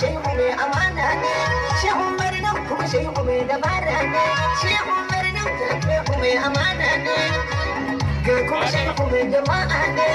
shehu mai amana ne shehu mai nan kuma shehu mai dabara ne shehu mai nan kuma shehu mai amana ne ga kuma shehu mai jama'a ne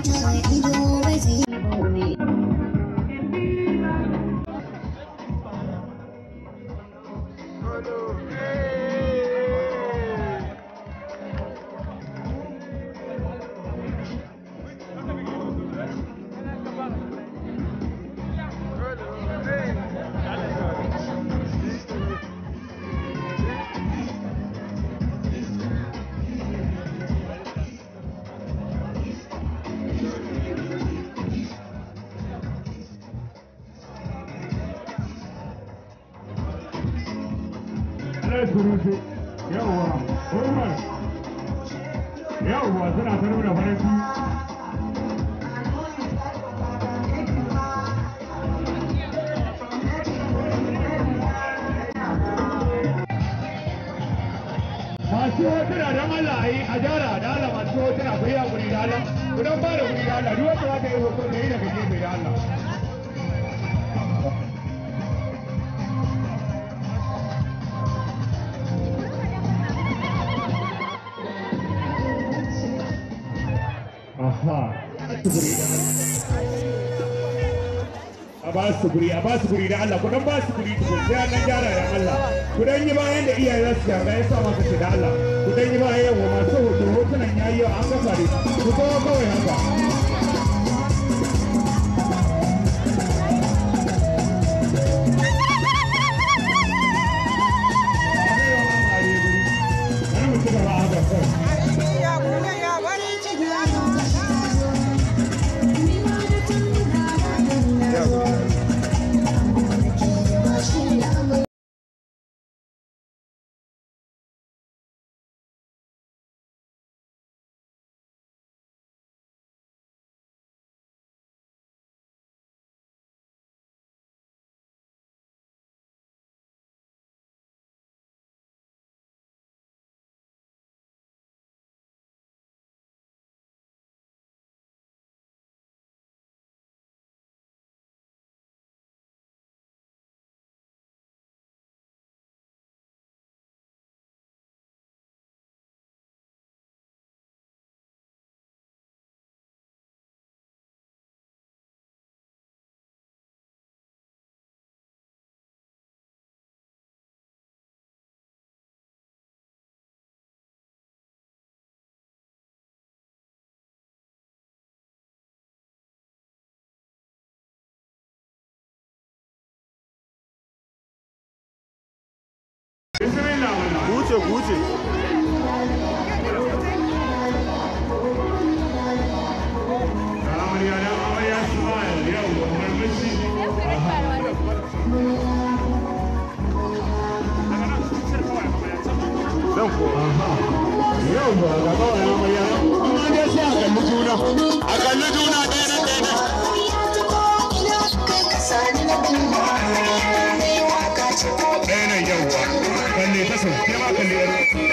るため sai yawwa yawwa suna ta nuna faranci masu hotuna don Allah a yi a jara da Allah masu hotuna ku yi hakuri da Allah ku don ba da kuɗi da Allah duk wanda za ta yi hoto da yi daga gefe da Allah A ba su guri, a ba su guri da Allah, ku dan ba su guri ku sai an gyara da Allah. Ku yi bayan da iyaye za su gyara ya sa maka ce da Allah. Ku dan yi bayan yawa masu hoto hotunan yayi an kasa ne. Ku kawo kawai haka. kuthi kuthi amarya listen.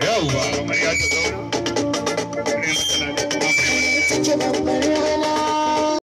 Yawwa, amarya ta